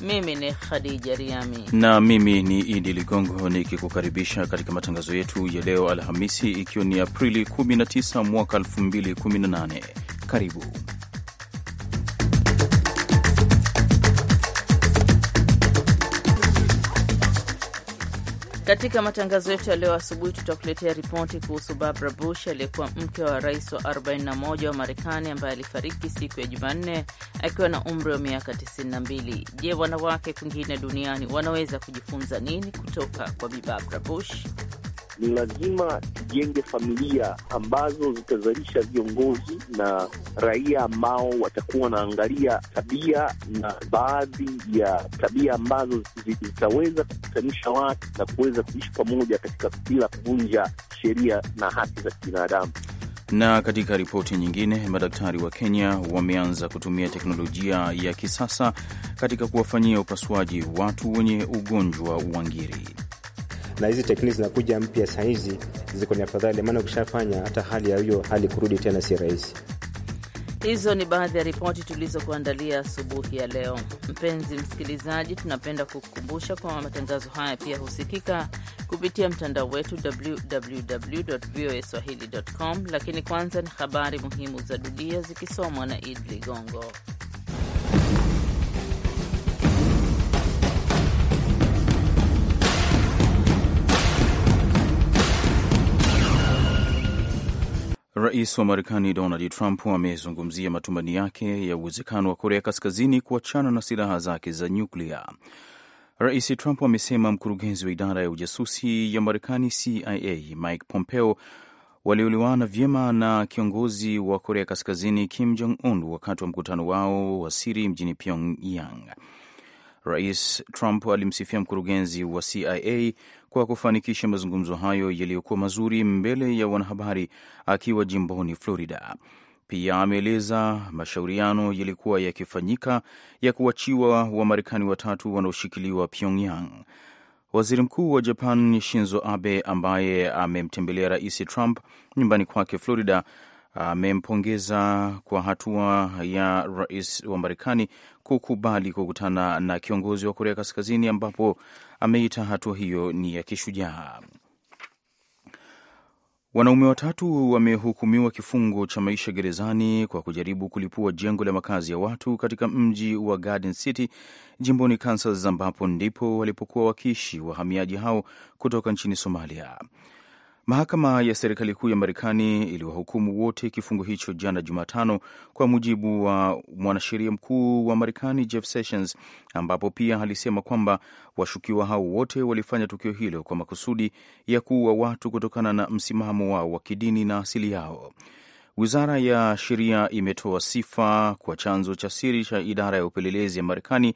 mimi ni Khadija Riami na mimi ni Idi Ligongo nikikukaribisha katika matangazo yetu ya leo Alhamisi, ikiwa ni Aprili 19 mwaka 2018. Karibu Katika matangazo yetu ya leo asubuhi, tutakuletea ripoti kuhusu Barbara Bush aliyekuwa mke wa rais wa 41 wa Marekani ambaye alifariki siku ya Jumanne akiwa na umri wa miaka 92. Je, wanawake kwingine duniani wanaweza kujifunza nini kutoka kwa Bi Barbara Bush? ni lazima tujenge familia ambazo zitazalisha viongozi na raia ambao watakuwa wanaangalia tabia na baadhi ya tabia ambazo zitaweza kukutanisha watu na kuweza kuishi pamoja katika bila kuvunja sheria na haki za kibinadamu. Na katika ripoti nyingine, madaktari wa Kenya wameanza kutumia teknolojia ya kisasa katika kuwafanyia upasuaji watu wenye ugonjwa wa ngiri na hizi tekniki zinakuja mpya saa hizi ziko ni afadhali, maana ukishafanya hata hali ya hiyo hali kurudi tena si rahisi. Hizo ni baadhi ya ripoti tulizokuandalia asubuhi ya leo. Mpenzi msikilizaji, tunapenda kukukumbusha kwamba matangazo haya pia husikika kupitia mtandao wetu www voa swahili.com. Lakini kwanza ni habari muhimu za dunia zikisomwa na Id Ligongo. Rais wa Marekani Donald Trump amezungumzia matumaini yake ya uwezekano wa Korea Kaskazini kuachana na silaha zake za nyuklia. Rais Trump amesema mkurugenzi wa idara ya ujasusi ya Marekani CIA Mike Pompeo walioliwana vyema na kiongozi wa Korea Kaskazini Kim Jong Un wakati wa mkutano wao wa siri mjini Pyongyang. Rais Trump alimsifia mkurugenzi wa CIA kwa kufanikisha mazungumzo hayo yaliyokuwa mazuri mbele ya wanahabari akiwa jimboni Florida. Pia ameeleza mashauriano yalikuwa yakifanyika ya kuachiwa Wamarekani watatu wanaoshikiliwa Pyongyang. Waziri Mkuu wa Japan Shinzo Abe ambaye amemtembelea Rais Trump nyumbani kwake Florida amempongeza kwa hatua ya rais wa Marekani kukubali kukutana na kiongozi wa Korea Kaskazini, ambapo ameita hatua hiyo ni ya kishujaa. Wanaume watatu wamehukumiwa kifungo cha maisha gerezani kwa kujaribu kulipua jengo la makazi ya watu katika mji wa Garden City jimboni Kansas, ambapo ndipo walipokuwa wakiishi wahamiaji hao kutoka nchini Somalia. Mahakama ya serikali kuu ya Marekani iliwahukumu wote kifungo hicho jana Jumatano, kwa mujibu wa mwanasheria mkuu wa Marekani Jeff Sessions, ambapo pia alisema kwamba washukiwa hao wote walifanya tukio hilo kwa makusudi ya kuua watu kutokana na msimamo wao wa kidini na asili yao. Wizara ya sheria imetoa sifa kwa chanzo cha siri cha idara ya upelelezi ya Marekani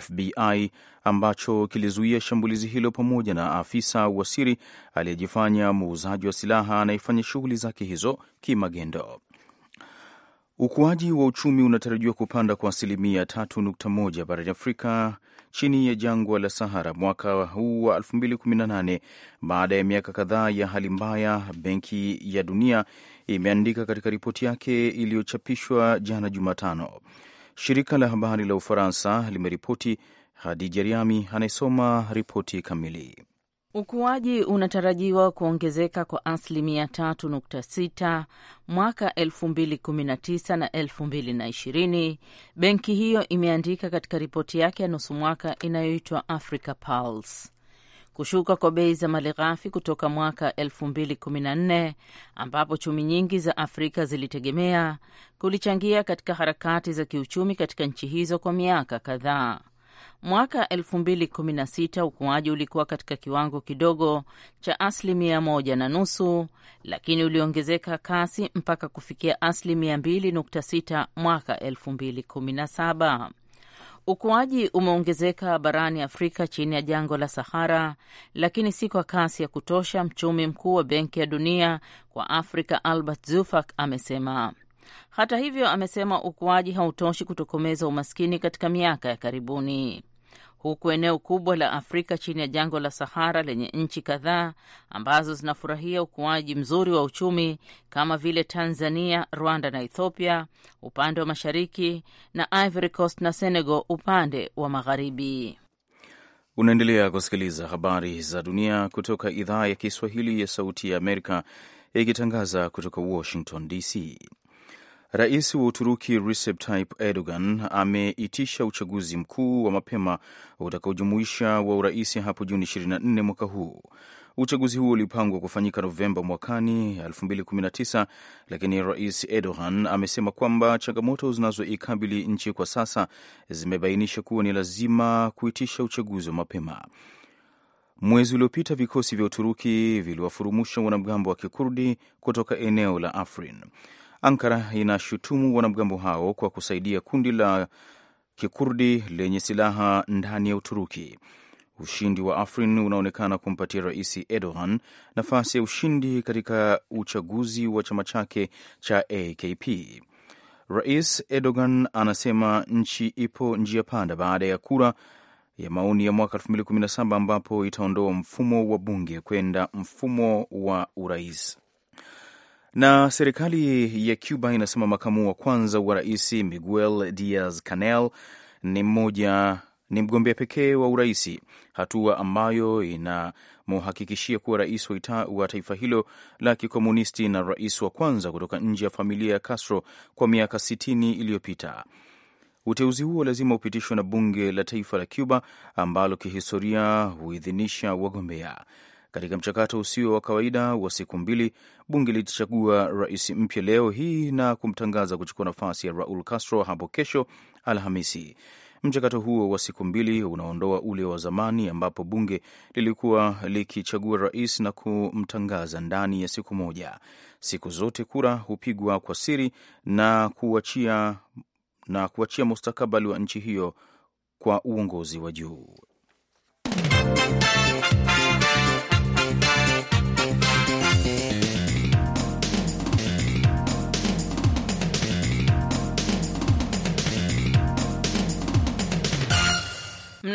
FBI ambacho kilizuia shambulizi hilo pamoja na afisa wa siri aliyejifanya muuzaji wa silaha anayefanya shughuli zake hizo kimagendo. Ukuaji wa uchumi unatarajiwa kupanda kwa asilimia 3.1 barani Afrika chini ya jangwa la Sahara mwaka huu wa 2018 baada ya miaka kadhaa ya hali mbaya, Benki ya Dunia imeandika katika ripoti yake iliyochapishwa jana Jumatano. Shirika la habari la Ufaransa limeripoti. Hadija Riami anayesoma ripoti kamili. Ukuaji unatarajiwa kuongezeka kwa asilimia 3.6 mwaka 2019 na 2020, benki hiyo imeandika katika ripoti yake ya nusu mwaka inayoitwa Africa Pulse. Kushuka kwa bei za malighafi kutoka mwaka 2014 ambapo chumi nyingi za Afrika zilitegemea kulichangia katika harakati za kiuchumi katika nchi hizo kwa miaka kadhaa. Mwaka 2016 ukuaji ulikuwa katika kiwango kidogo cha asilimia moja na nusu, lakini uliongezeka kasi mpaka kufikia asilimia 2.6 mwaka 2017. Ukuaji umeongezeka barani Afrika chini ya jangwa la Sahara, lakini si kwa kasi ya kutosha. Mchumi mkuu wa Benki ya Dunia kwa Afrika Albert Zufak amesema hata hivyo, amesema ukuaji hautoshi kutokomeza umaskini katika miaka ya karibuni, huku eneo kubwa la Afrika chini ya jangwa la Sahara lenye nchi kadhaa ambazo zinafurahia ukuaji mzuri wa uchumi kama vile Tanzania, Rwanda na Ethiopia upande wa mashariki na Ivory Coast na Senegal upande wa magharibi. Unaendelea kusikiliza habari za dunia kutoka idhaa ya Kiswahili ya Sauti ya Amerika ikitangaza kutoka Washington DC. Rais wa Uturuki Recep Tayyip Erdogan ameitisha uchaguzi mkuu wa mapema utakaojumuisha wa urais hapo Juni 24 mwaka huu. Uchaguzi huo ulipangwa kufanyika Novemba mwakani 2019, lakini Rais Erdogan amesema kwamba changamoto zinazoikabili nchi kwa sasa zimebainisha kuwa ni lazima kuitisha uchaguzi wa mapema. Mwezi uliopita vikosi vya Uturuki viliwafurumusha wanamgambo wa kikurdi kutoka eneo la Afrin. Ankara inashutumu wanamgambo hao kwa kusaidia kundi la kikurdi lenye silaha ndani ya Uturuki. Ushindi wa Afrin unaonekana kumpatia Rais Erdogan nafasi ya ushindi katika uchaguzi wa chama chake cha AKP. Rais Erdogan anasema nchi ipo njia panda baada ya kura ya maoni ya mwaka 2017 ambapo itaondoa mfumo wa bunge kwenda mfumo wa urais. Na serikali ya Cuba inasema makamu wa kwanza wa rais Miguel Diaz Canel ni mmoja ni mgombea pekee wa uraisi, hatua ambayo inamuhakikishia kuwa rais wa taifa hilo la kikomunisti na rais wa kwanza kutoka nje ya familia ya Castro kwa miaka sitini iliyopita. Uteuzi huo lazima upitishwe na bunge la taifa la Cuba ambalo kihistoria huidhinisha wagombea. Katika mchakato usio wa kawaida wa siku mbili, bunge litachagua rais mpya leo hii na kumtangaza kuchukua nafasi ya Raul Castro hapo kesho Alhamisi. Mchakato huo wa siku mbili unaondoa ule wa zamani ambapo bunge lilikuwa likichagua rais na kumtangaza ndani ya siku moja. Siku zote kura hupigwa kwa siri na kuachia na kuachia mustakabali wa nchi hiyo kwa uongozi wa juu.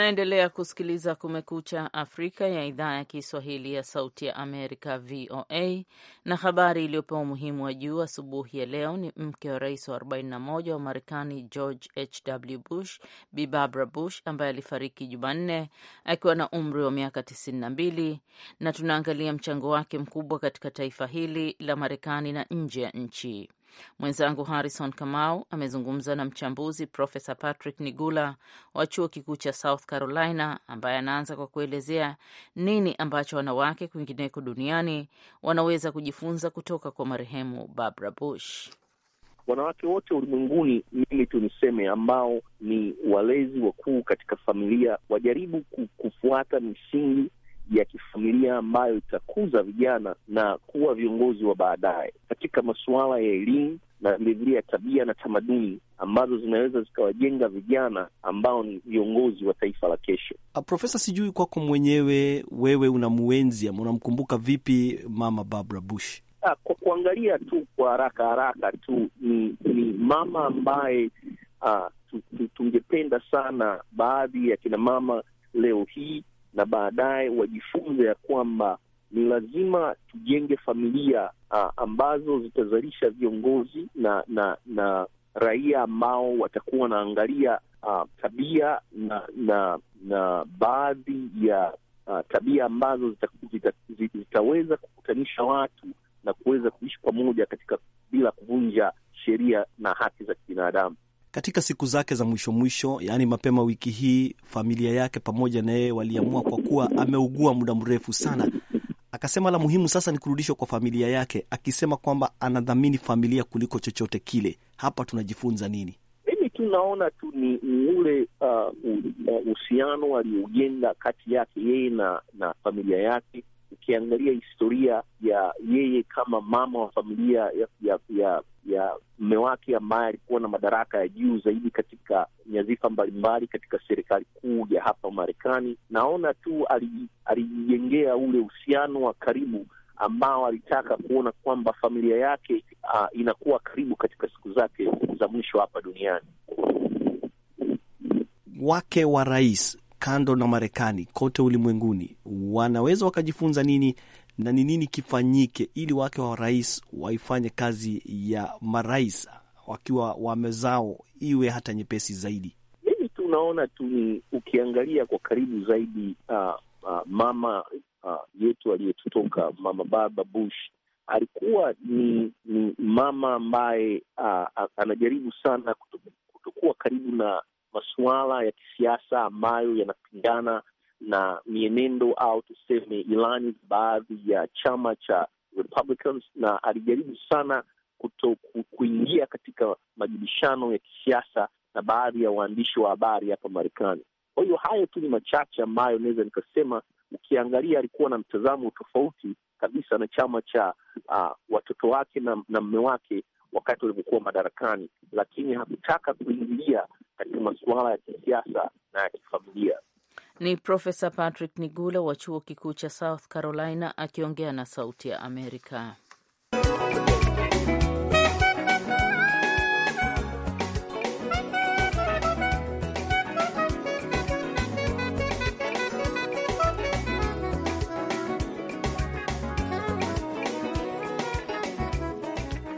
unaendelea kusikiliza Kumekucha Afrika ya idhaa ya Kiswahili ya Sauti ya Amerika, VOA. Na habari iliyopewa umuhimu wa juu asubuhi ya leo ni mke wa rais wa 41 wa Marekani George HW Bush, Bi Barbara Bush, ambaye alifariki Jumanne akiwa na umri wa miaka 92, na tunaangalia mchango wake mkubwa katika taifa hili la Marekani na nje ya nchi. Mwenzangu Harrison Kamau amezungumza na mchambuzi Profesa Patrick Nigula wa chuo kikuu cha South Carolina, ambaye anaanza kwa kuelezea nini ambacho wanawake kwingineko duniani wanaweza kujifunza kutoka kwa marehemu Barbara Bush. Wanawake wote ulimwenguni, mimi tu niseme, ambao ni walezi wakuu katika familia, wajaribu kufuata misingi ya kifamilia ambayo itakuza vijana na kuwa viongozi wa baadaye katika masuala ya elimu na vilevile ya tabia na tamaduni ambazo zinaweza zikawajenga vijana ambao ni viongozi wa taifa la kesho. Ah, Profesa, sijui kwako mwenyewe, wewe unamuenzi ama unamkumbuka vipi mama Barbara Bush? Ah, kwa kuangalia tu kwa haraka haraka tu ni, ni mama ambaye ah, tungependa sana baadhi ya kina mama leo hii na baadaye wajifunze ya kwamba ni lazima tujenge familia uh, ambazo zitazalisha viongozi na na na raia ambao watakuwa wanaangalia uh, tabia na na na baadhi ya uh, tabia ambazo zita, zita, zita, zitaweza kukutanisha watu na kuweza kuishi pamoja katika bila kuvunja sheria na haki za kibinadamu. Katika siku zake za mwisho mwisho, yaani mapema wiki hii, familia yake pamoja na yeye waliamua, kwa kuwa ameugua muda mrefu sana, Akasema la muhimu sasa ni kurudishwa kwa familia yake, akisema kwamba anadhamini familia kuliko chochote kile. Hapa tunajifunza nini? Mimi tunaona tu ni ule uh, uhusiano aliojenga kati yake yeye na, na familia yake ukiangalia historia ya yeye kama mama wa familia ya ya ya ya mme wake ambaye alikuwa na madaraka ya juu zaidi katika nyadhifa mbalimbali katika serikali kuu ya hapa Marekani, naona tu alijijengea ule uhusiano wa karibu ambao alitaka kuona kwamba familia yake uh, inakuwa karibu katika siku zake za mwisho hapa duniani. Wake wa rais kando na Marekani, kote ulimwenguni wanaweza wakajifunza nini na ni nini kifanyike ili wake wa rais waifanye kazi ya marais wakiwa wamezao iwe hata nyepesi zaidi? Mimi tunaona tu ni ukiangalia kwa karibu zaidi uh, uh, mama uh, yetu aliyetutoka mama baba Bush alikuwa ni, ni mama ambaye uh, anajaribu sana kutokuwa karibu na masuala ya kisiasa ambayo yanapingana na mienendo au tuseme ilani za baadhi ya chama cha Republicans, na alijaribu sana kuto kuingia katika majibishano ya kisiasa na baadhi ya waandishi wa habari hapa Marekani. Kwa hiyo hayo tu ni machache ambayo naweza nikasema, ukiangalia alikuwa na mtazamo tofauti kabisa na chama cha uh, watoto wake na, na mme wake wakati walivyokuwa madarakani, lakini hakutaka kuingilia katika masuala ya kisiasa na ya kifamilia. Ni Profesa Patrick Nigula wa chuo kikuu cha South Carolina akiongea na Sauti ya Amerika.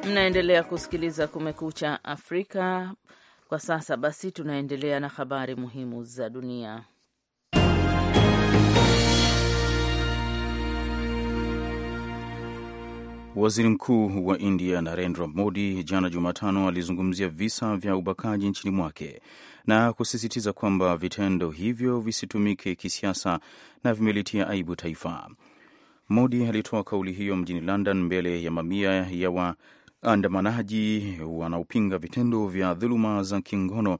Mnaendelea kusikiliza Kumekucha Afrika kwa sasa basi, tunaendelea na habari muhimu za dunia. Waziri Mkuu wa India Narendra Modi jana Jumatano alizungumzia visa vya ubakaji nchini mwake na kusisitiza kwamba vitendo hivyo visitumike kisiasa na vimelitia aibu taifa. Modi alitoa kauli hiyo mjini London mbele ya mamia ya wa waandamanaji wanaopinga vitendo vya dhuluma za kingono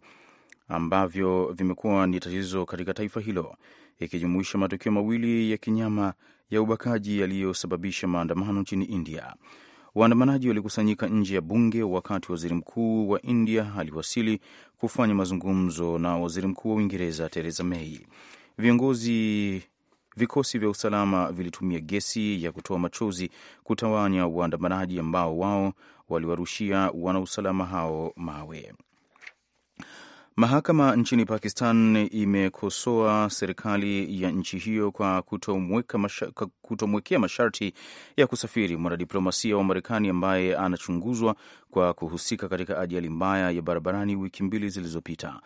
ambavyo vimekuwa ni tatizo katika taifa hilo, ikijumuisha matukio mawili ya kinyama ya ubakaji yaliyosababisha maandamano nchini India. Waandamanaji walikusanyika nje ya bunge wakati waziri mkuu wa India aliwasili kufanya mazungumzo na waziri mkuu wa Uingereza Theresa May. Viongozi vikosi vya usalama vilitumia gesi ya kutoa machozi kutawanya waandamanaji ambao wao waliwarushia wanausalama hao mawe. Mahakama nchini Pakistan imekosoa serikali ya nchi hiyo kwa kutomwekea masha, masharti ya kusafiri mwanadiplomasia wa Marekani ambaye anachunguzwa kwa kuhusika katika ajali mbaya ya barabarani wiki mbili zilizopita.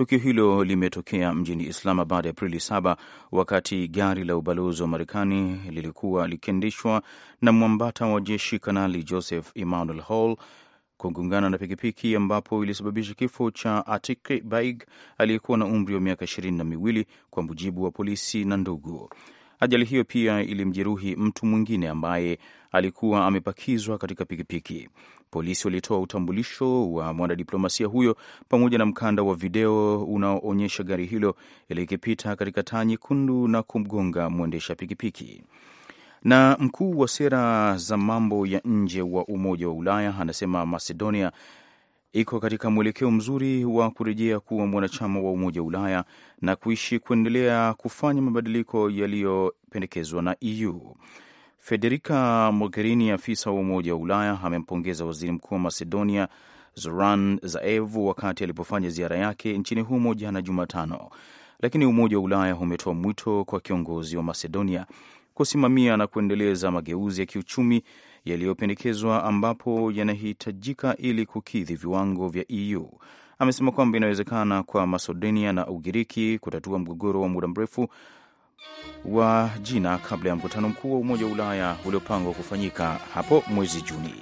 Tukio hilo limetokea mjini Islamabad Aprili 7 wakati gari la ubalozi wa Marekani lilikuwa likiendeshwa na mwambata wa jeshi Kanali Joseph Emmanuel Hall kugungana na pikipiki ambapo ilisababisha kifo cha Atik Baig aliyekuwa na umri wa miaka ishirini na miwili kwa mujibu wa polisi na ndugu. Ajali hiyo pia ilimjeruhi mtu mwingine ambaye alikuwa amepakizwa katika pikipiki. Polisi walitoa utambulisho wa mwanadiplomasia huyo pamoja na mkanda wa video unaoonyesha gari hilo likipita katika taa nyekundu na kumgonga mwendesha pikipiki. Na mkuu wa sera za mambo ya nje wa Umoja wa Ulaya anasema Macedonia iko katika mwelekeo mzuri wa kurejea kuwa mwanachama wa Umoja wa Ulaya na kuishi kuendelea kufanya mabadiliko yaliyopendekezwa na EU. Federica Mogherini, afisa wa Umoja wa Ulaya, amempongeza waziri mkuu wa Macedonia Zoran Zaev wakati alipofanya ziara yake nchini humo jana Jumatano, lakini Umoja wa Ulaya umetoa mwito kwa kiongozi wa Macedonia kusimamia na kuendeleza mageuzi ya kiuchumi yaliyopendekezwa ambapo yanahitajika ili kukidhi viwango vya EU. Amesema kwamba inawezekana kwa masedonia na Ugiriki kutatua mgogoro wa muda mrefu wa jina kabla ya mkutano mkuu wa Umoja wa Ulaya uliopangwa kufanyika hapo mwezi Juni.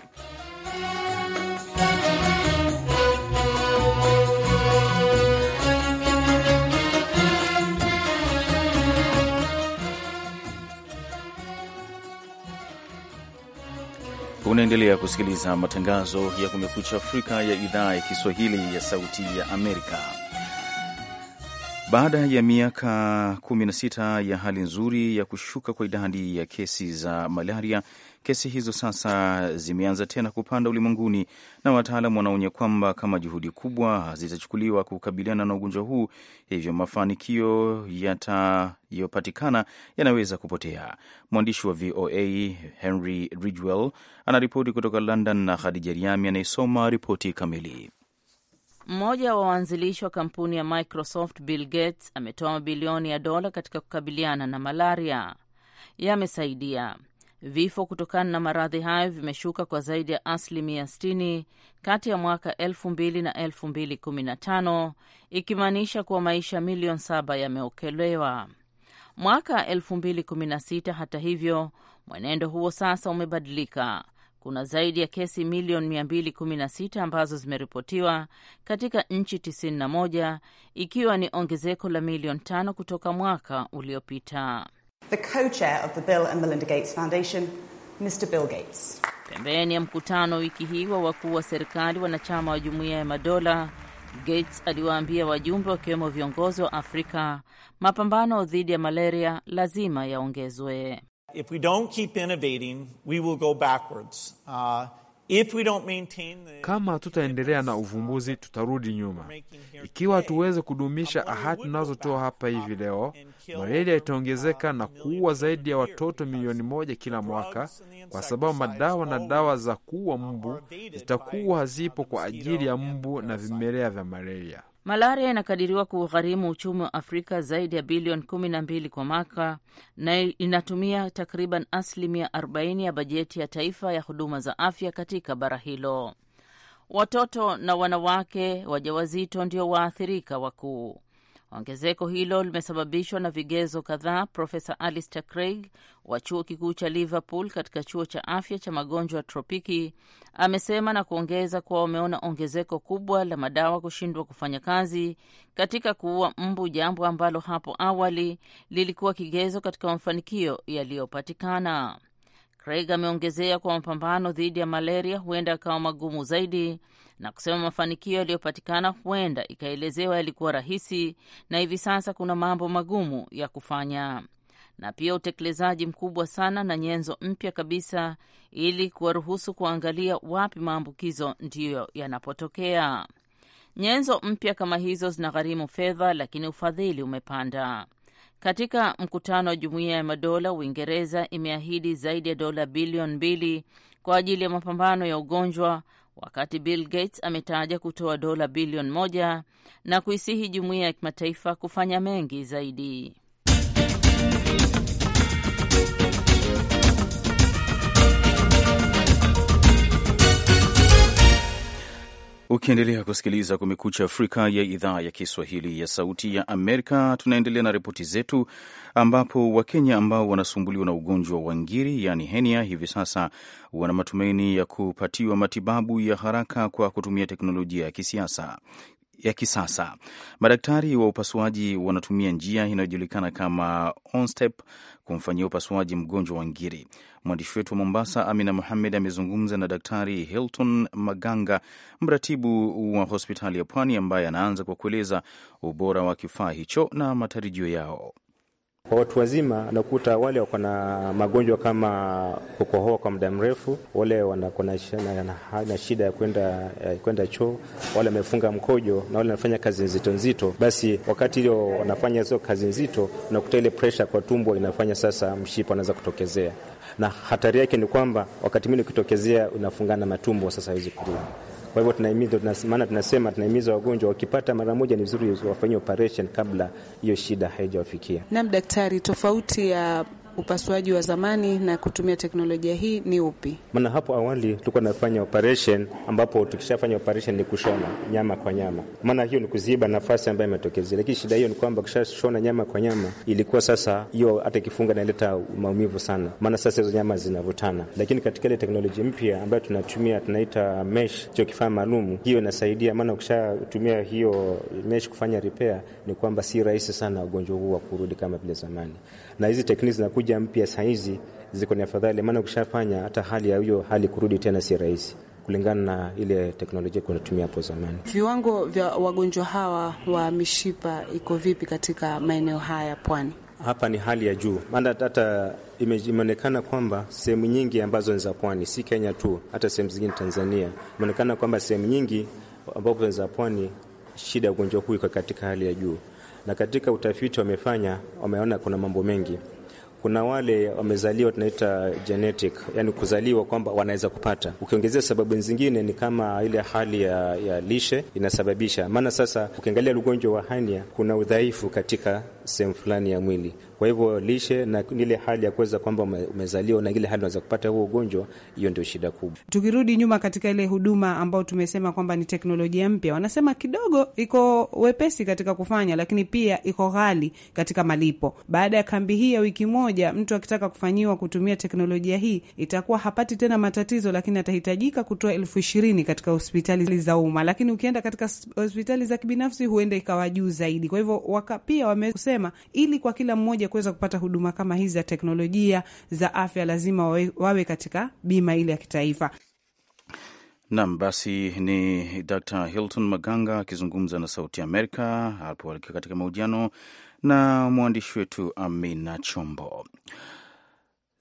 Unaendelea kusikiliza matangazo ya Kumekucha Afrika ya idhaa ya Kiswahili ya Sauti ya Amerika. Baada ya miaka 16 ya hali nzuri ya kushuka kwa idadi ya kesi za malaria kesi hizo sasa zimeanza tena kupanda ulimwenguni, na wataalam wanaonya kwamba kama juhudi kubwa zitachukuliwa kukabiliana na ugonjwa huu, hivyo mafanikio yatayopatikana yanaweza kupotea. Mwandishi wa VOA Henry Ridgwell anaripoti kutoka London na Khadija Riami anayesoma ripoti kamili. Mmoja wa waanzilishi wa kampuni ya Microsoft, Bill Gates, ametoa mabilioni ya dola katika kukabiliana na malaria. Yamesaidia Vifo kutokana na maradhi hayo vimeshuka kwa zaidi ya asilimia 60 kati ya mwaka 2000 na 2015, ikimaanisha kuwa maisha milioni saba yameokelewa Mwaka 2016, hata hivyo, mwenendo huo sasa umebadilika. Kuna zaidi ya kesi milioni 216 ambazo zimeripotiwa katika nchi 91, ikiwa ni ongezeko la milioni tano kutoka mwaka uliopita. The co-chair of the Bill and Melinda Gates Foundation, Mr. Bill Gates. Pembeni ya mkutano wiki hii wa wakuu wa serikali wanachama wa Jumuiya ya Madola, Gates aliwaambia wajumbe wakiwemo viongozi wa Afrika, mapambano dhidi ya malaria lazima yaongezwe. If we don't keep innovating, we will go backwards. Uh, if we don't maintain the... Kama tutaendelea na uvumbuzi tutarudi nyuma. Ikiwa hatuweze kudumisha ahadi tunazotoa hapa hivi leo malaria itaongezeka na kuua zaidi ya watoto milioni moja kila mwaka, kwa sababu madawa na dawa za kuua mbu zitakuwa hazipo kwa ajili ya mbu na vimelea vya malaria. Malaria inakadiriwa kugharimu uchumi wa Afrika zaidi ya bilioni kumi na mbili kwa mwaka na inatumia takriban asilimia 40 ya bajeti ya taifa ya huduma za afya katika bara hilo. Watoto na wanawake wajawazito ndio waathirika wakuu. Ongezeko hilo limesababishwa na vigezo kadhaa. Profesa Alistair Craig wa chuo kikuu cha Liverpool katika chuo cha afya cha magonjwa ya tropiki amesema na kuongeza kuwa wameona ongezeko kubwa la madawa kushindwa kufanya kazi katika kuua mbu, jambo ambalo hapo awali lilikuwa kigezo katika mafanikio yaliyopatikana. Craig ameongezea kuwa mapambano dhidi ya malaria huenda yakawa magumu zaidi na kusema mafanikio yaliyopatikana huenda ikaelezewa yalikuwa rahisi na hivi sasa kuna mambo magumu ya kufanya, na pia utekelezaji mkubwa sana na nyenzo mpya kabisa ili kuwaruhusu kuangalia wapi maambukizo ndiyo yanapotokea. Nyenzo mpya kama hizo zinagharimu fedha, lakini ufadhili umepanda. Katika mkutano wa Jumuiya ya Madola, Uingereza imeahidi zaidi ya dola bilioni mbili kwa ajili ya mapambano ya ugonjwa wakati Bill Gates ametaja kutoa dola bilioni moja na kuisihi jumuiya ya kimataifa kufanya mengi zaidi. Ukiendelea kusikiliza Kumekucha Afrika ya idhaa ya Kiswahili ya Sauti ya Amerika, tunaendelea na ripoti zetu, ambapo Wakenya ambao wanasumbuliwa na ugonjwa wa ngiri, yani henia, hivi sasa wana matumaini ya kupatiwa matibabu ya haraka kwa kutumia teknolojia ya kisiasa ya kisasa. Madaktari wa upasuaji wanatumia njia inayojulikana kama onstep kumfanyia upasuaji mgonjwa wa ngiri. Mwandishi wetu wa Mombasa, Amina Mohamed, amezungumza na Daktari Hilton Maganga, mratibu wa hospitali ya Pwani, ambaye anaanza kwa kueleza ubora wa kifaa hicho na matarajio yao. Kwa watu wazima, nakuta wale wako na magonjwa kama kukohoa kwa muda mrefu, wale wanako na shida ya kwenda kwenda choo, wale wamefunga mkojo na wale wanafanya kazi nzito nzito, basi wakati hiyo wanafanya hizo kazi nzito, unakuta ile presha kwa tumbo inafanya sasa mshipa anaweza kutokezea, na hatari yake ni kwamba wakati mwingine ukitokezea unafungana matumbo, sasa hawezi kurudi. Kwa hivyo tunahimiza, maana tunasema tunahimiza wagonjwa wakipata mara moja, ni vizuri wafanye operation kabla hiyo shida haijawafikia. Naam, daktari, tofauti ya upasuaji wa zamani na kutumia teknolojia hii ni upi? Maana hapo awali tulikuwa nafanya operation, ambapo tukishafanya operation ni kushona nyama kwa nyama, maana hiyo ni kuziba nafasi ambayo imetokeza. Lakini shida hiyo ni kwamba ukishashona nyama kwa nyama, ilikuwa sasa hiyo hata kifunga inaleta maumivu sana, maana sasa hizo nyama zinavutana. Lakini katika ile teknolojia mpya ambayo tunatumia tunaita mesh, hicho kifaa maalum, hiyo inasaidia. Maana ukishatumia hiyo mesh kufanya repair, ni kwamba si rahisi sana ugonjwa huu wa kurudi kama vile zamani na hizi tekniki zinakuja mpya saa hizi ziko ni afadhali, maana ukishafanya hata hali ya hiyo hali kurudi tena si rahisi kulingana na ile teknolojia kunatumia hapo zamani. Viwango vya wagonjwa hawa wa mishipa iko vipi katika maeneo haya pwani? Hapa ni hali ya juu, maana hata imeonekana kwamba sehemu nyingi ambazo ni za pwani, si Kenya tu, hata sehemu zingine Tanzania, imeonekana kwamba sehemu nyingi ambapo za pwani, shida ya ugonjwa huu iko katika hali ya juu na katika utafiti wamefanya, wameona kuna mambo mengi. Kuna wale wamezaliwa, tunaita genetic, yani kuzaliwa kwamba wanaweza kupata. Ukiongezea sababu zingine ni kama ile hali ya, ya lishe inasababisha. Maana sasa ukiangalia ugonjwa wa hania, kuna udhaifu katika sehemu fulani ya mwili. Kwa hivyo lishe na ile hali ya kuweza kwamba umezaliwa na ile hali unaweza kupata huo ugonjwa, hiyo ndio shida kubwa. Tukirudi nyuma katika ile huduma ambayo tumesema kwamba ni teknolojia mpya, wanasema kidogo iko wepesi katika kufanya, lakini pia iko ghali katika malipo. Baada ya kambi hii ya wiki moja, mtu akitaka kufanyiwa kutumia teknolojia hii itakuwa hapati tena matatizo, lakini atahitajika kutoa elfu ishirini katika hospitali za umma, lakini ukienda katika hospitali za kibinafsi huenda ikawa juu zaidi. Kwa hivyo waka pia wamesema mapema, ili kwa kila mmoja kuweza kupata huduma kama hizi za teknolojia za afya, lazima wawe, wawe katika bima ile ya kitaifa. Nam, basi ni Dr. Hilton Maganga akizungumza na Sauti Amerika hapo alikiwa katika mahojiano na mwandishi wetu Amina Chombo.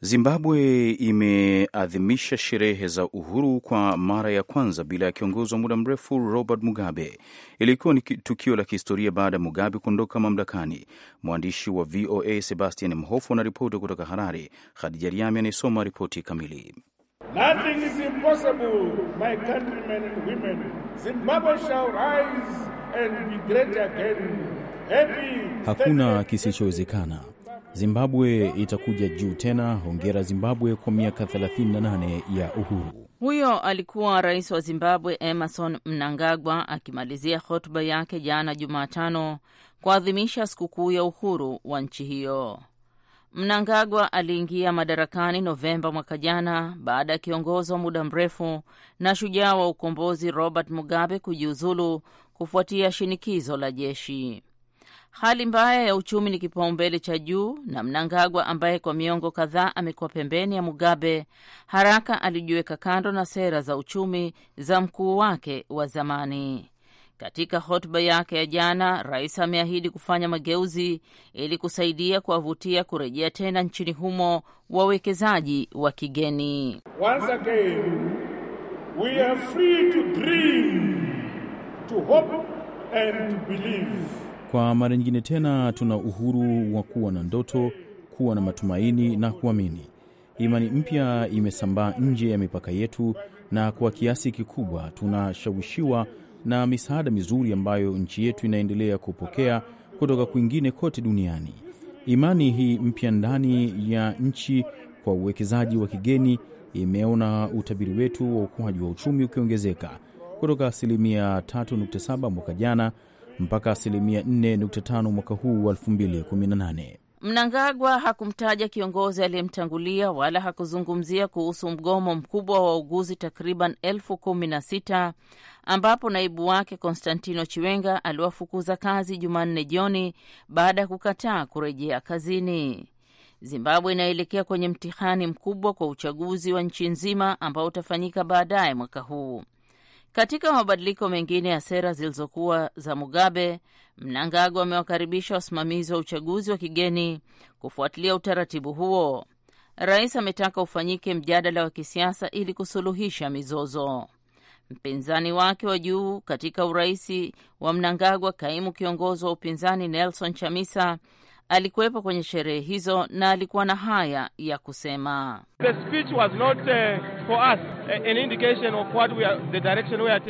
Zimbabwe imeadhimisha sherehe za uhuru kwa mara ya kwanza bila ya kiongozi wa muda mrefu Robert Mugabe. Ilikuwa ni tukio la kihistoria baada ya Mugabe kuondoka mamlakani. Mwandishi wa VOA Sebastian Mhofu anaripoti kutoka Harare. Khadija Riami anayesoma ripoti kamili. Hakuna kisichowezekana Zimbabwe itakuja juu tena. Hongera Zimbabwe kwa miaka 38 ya uhuru. Huyo alikuwa rais wa Zimbabwe Emerson Mnangagwa akimalizia hotuba yake jana Jumatano kuadhimisha sikukuu ya uhuru wa nchi hiyo. Mnangagwa aliingia madarakani Novemba mwaka jana baada ya kiongozi wa muda mrefu na shujaa wa ukombozi Robert Mugabe kujiuzulu kufuatia shinikizo la jeshi. Hali mbaya ya uchumi ni kipaumbele cha juu, na Mnangagwa ambaye kwa miongo kadhaa amekuwa pembeni ya Mugabe haraka alijiweka kando na sera za uchumi za mkuu wake wa zamani. Katika hotuba yake ya jana, rais ameahidi kufanya mageuzi ili kusaidia kuwavutia kurejea tena nchini humo wawekezaji wa kigeni. Once again, we are free to dream, to hope and to believe. Kwa mara nyingine tena, tuna uhuru wa kuwa na ndoto, kuwa na matumaini na kuamini. Imani mpya imesambaa nje ya mipaka yetu, na kwa kiasi kikubwa tunashawishiwa na misaada mizuri ambayo nchi yetu inaendelea kupokea kutoka kwingine kote duniani. Imani hii mpya ndani ya nchi kwa uwekezaji wa kigeni imeona utabiri wetu wa ukuaji wa uchumi ukiongezeka kutoka asilimia 3.7 mwaka jana mpaka asilimia 4.5 mwaka huu wa 2018. Mnangagwa hakumtaja kiongozi aliyemtangulia wala hakuzungumzia kuhusu mgomo mkubwa wa wauguzi takriban elfu kumi na sita ambapo naibu wake Konstantino Chiwenga aliwafukuza kazi Jumanne jioni baada ya kukataa kurejea kazini. Zimbabwe inaelekea kwenye mtihani mkubwa kwa uchaguzi wa nchi nzima ambao utafanyika baadaye mwaka huu. Katika mabadiliko mengine ya sera zilizokuwa za Mugabe, Mnangagwa amewakaribisha wasimamizi wa uchaguzi wa kigeni kufuatilia utaratibu huo. Rais ametaka ufanyike mjadala wa kisiasa ili kusuluhisha mizozo. Mpinzani wake wa juu katika uraisi wa Mnangagwa, kaimu kiongozi wa upinzani Nelson Chamisa, alikuwepo kwenye sherehe hizo na alikuwa na haya ya kusema. Uh,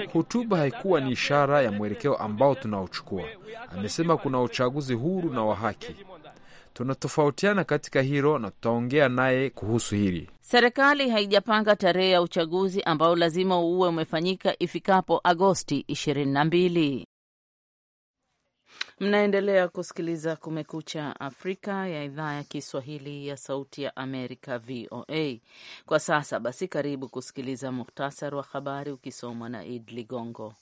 uh, Hotuba haikuwa ni ishara ya mwelekeo ambao tunaochukua. Amesema kuna uchaguzi huru na wa haki. Tunatofautiana katika hilo na tutaongea naye kuhusu hili. Serikali haijapanga tarehe ya uchaguzi ambao lazima uwe umefanyika ifikapo Agosti 22. Mnaendelea kusikiliza Kumekucha Afrika ya idhaa ya Kiswahili ya Sauti ya Amerika, VOA. Kwa sasa basi, karibu kusikiliza muhtasari wa habari ukisomwa na Id Ligongo.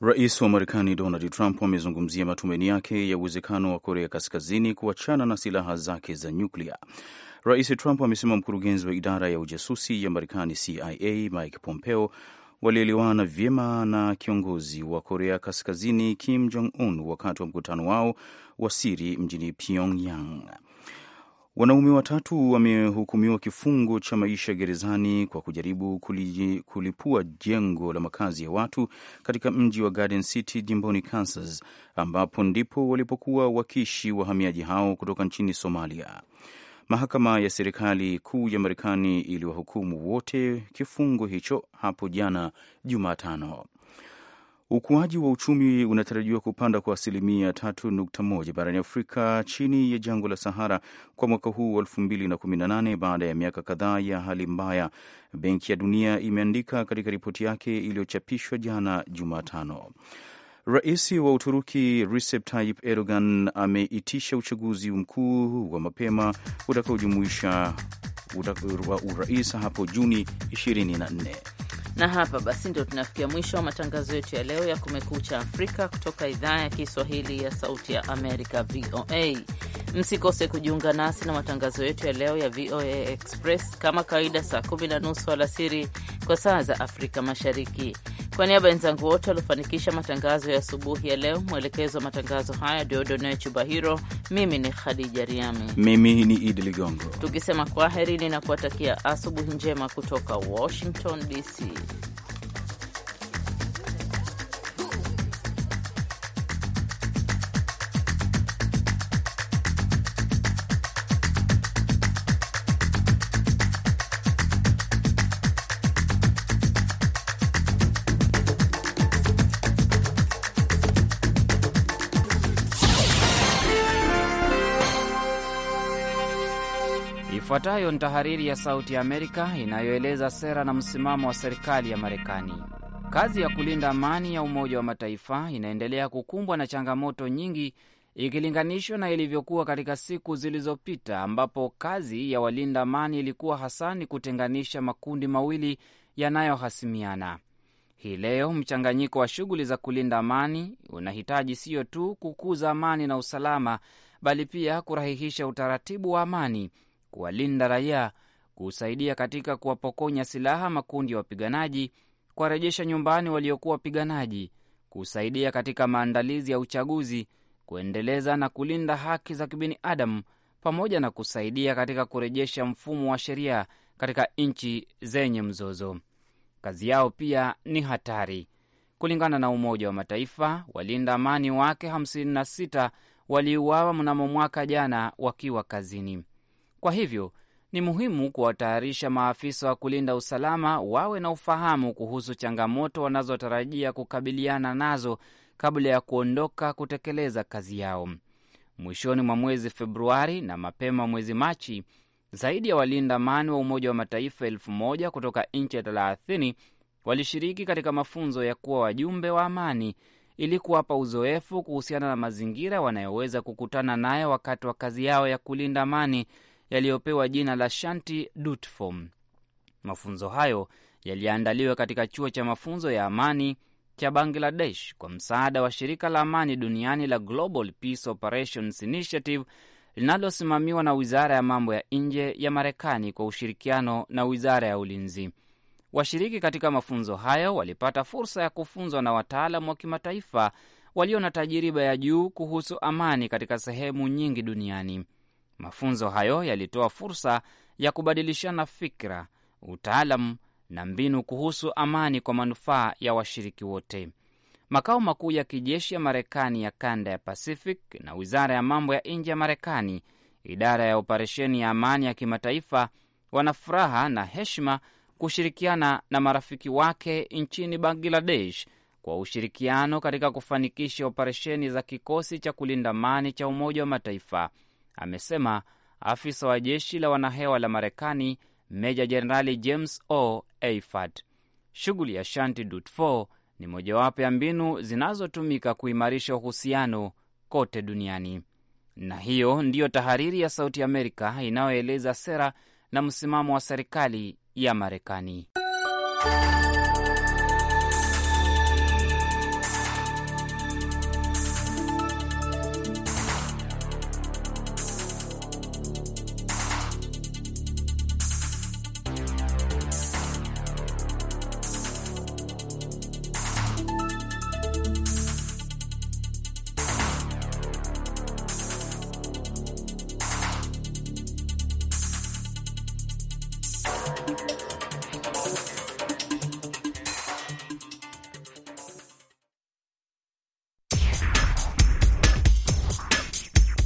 Rais wa Marekani Donald Trump amezungumzia matumaini yake ya uwezekano wa Korea Kaskazini kuachana na silaha zake za nyuklia Rais Trump amesema mkurugenzi wa idara ya ujasusi ya Marekani CIA Mike Pompeo walielewana vyema na kiongozi wa Korea Kaskazini Kim Jong Un wakati wa mkutano wao wa siri mjini Pyongyang. Wanaume watatu wamehukumiwa kifungo cha maisha gerezani kwa kujaribu kulipua jengo la makazi ya watu katika mji wa Garden City jimboni Kansas, ambapo ndipo walipokuwa wakiishi wahamiaji hao kutoka nchini Somalia. Mahakama ya serikali kuu ya Marekani iliwahukumu wote kifungo hicho hapo jana Jumatano. Ukuaji wa uchumi unatarajiwa kupanda kwa asilimia 3.1 barani Afrika chini ya jangwa la Sahara kwa mwaka huu wa 2018 baada ya miaka kadhaa ya hali mbaya, Benki ya Dunia imeandika katika ripoti yake iliyochapishwa jana Jumatano. Rais wa Uturuki Recep Tayyip Erdogan ameitisha uchaguzi mkuu wa mapema utakaojumuisha urais hapo Juni 24. Na hapa basi ndio tunafikia mwisho wa matangazo yetu ya leo ya Kumekucha Afrika kutoka idhaa ya Kiswahili ya Sauti ya Amerika, VOA. Msikose kujiunga nasi na matangazo yetu ya leo ya VOA Express kama kawaida, saa kumi na nusu alasiri kwa saa za Afrika Mashariki. Kwa niaba ya wenzangu wote waliofanikisha matangazo ya asubuhi ya leo, mwelekezo wa matangazo haya Diodone Chubahiro, mimi ni Khadija Riami, mimi ni Idi Ligongo, tukisema kwaheri na kuwatakia asubuhi njema kutoka Washington DC. Ifuatayo ni tahariri ya Sauti ya Amerika inayoeleza sera na msimamo wa serikali ya Marekani. Kazi ya kulinda amani ya Umoja wa Mataifa inaendelea kukumbwa na changamoto nyingi ikilinganishwa na ilivyokuwa katika siku zilizopita, ambapo kazi ya walinda amani ilikuwa hasa ni kutenganisha makundi mawili yanayohasimiana. Hii leo mchanganyiko wa shughuli za kulinda amani unahitaji siyo tu kukuza amani na usalama, bali pia kurahihisha utaratibu wa amani kuwalinda raia, kusaidia katika kuwapokonya silaha makundi ya wa wapiganaji, kuwarejesha nyumbani waliokuwa wapiganaji, kusaidia katika maandalizi ya uchaguzi, kuendeleza na kulinda haki za kibinadamu, pamoja na kusaidia katika kurejesha mfumo wa sheria katika nchi zenye mzozo. Kazi yao pia ni hatari. Kulingana na Umoja wa Mataifa, walinda amani wake 56 waliuawa mnamo mwaka jana wakiwa kazini. Kwa hivyo ni muhimu kuwatayarisha maafisa wa kulinda usalama wawe na ufahamu kuhusu changamoto wanazotarajia kukabiliana nazo kabla ya kuondoka kutekeleza kazi yao. Mwishoni mwa mwezi Februari na mapema mwezi Machi, zaidi ya walinda amani wa Umoja wa Mataifa elfu moja kutoka nchi thelathini walishiriki katika mafunzo ya kuwa wajumbe wa amani ili kuwapa uzoefu kuhusiana na mazingira wanayoweza kukutana nayo wakati wa kazi yao ya kulinda amani yaliyopewa jina la Shanti Dutform. Mafunzo hayo yaliandaliwa katika chuo cha mafunzo ya amani cha Bangladesh kwa msaada wa shirika la amani duniani la Global Peace Operations Initiative linalosimamiwa na wizara ya mambo ya nje ya Marekani kwa ushirikiano na wizara ya ulinzi. Washiriki katika mafunzo hayo walipata fursa ya kufunzwa na wataalam wa kimataifa walio na tajiriba ya juu kuhusu amani katika sehemu nyingi duniani. Mafunzo hayo yalitoa fursa ya kubadilishana fikra, utaalamu na mbinu kuhusu amani kwa manufaa ya washiriki wote. Makao makuu ya kijeshi ya Marekani ya kanda ya Pacific na wizara ya mambo ya nje ya Marekani, idara ya operesheni ya amani ya kimataifa, wana furaha na heshima kushirikiana na marafiki wake nchini Bangladesh kwa ushirikiano katika kufanikisha operesheni za kikosi cha kulinda amani cha Umoja wa Mataifa amesema afisa wa jeshi la wanahewa la Marekani meja jenerali James O Eifert. Shughuli ya Shanti 4 ni mojawapo ya mbinu zinazotumika kuimarisha uhusiano kote duniani. Na hiyo ndiyo tahariri ya Sauti Amerika inayoeleza sera na msimamo wa serikali ya Marekani.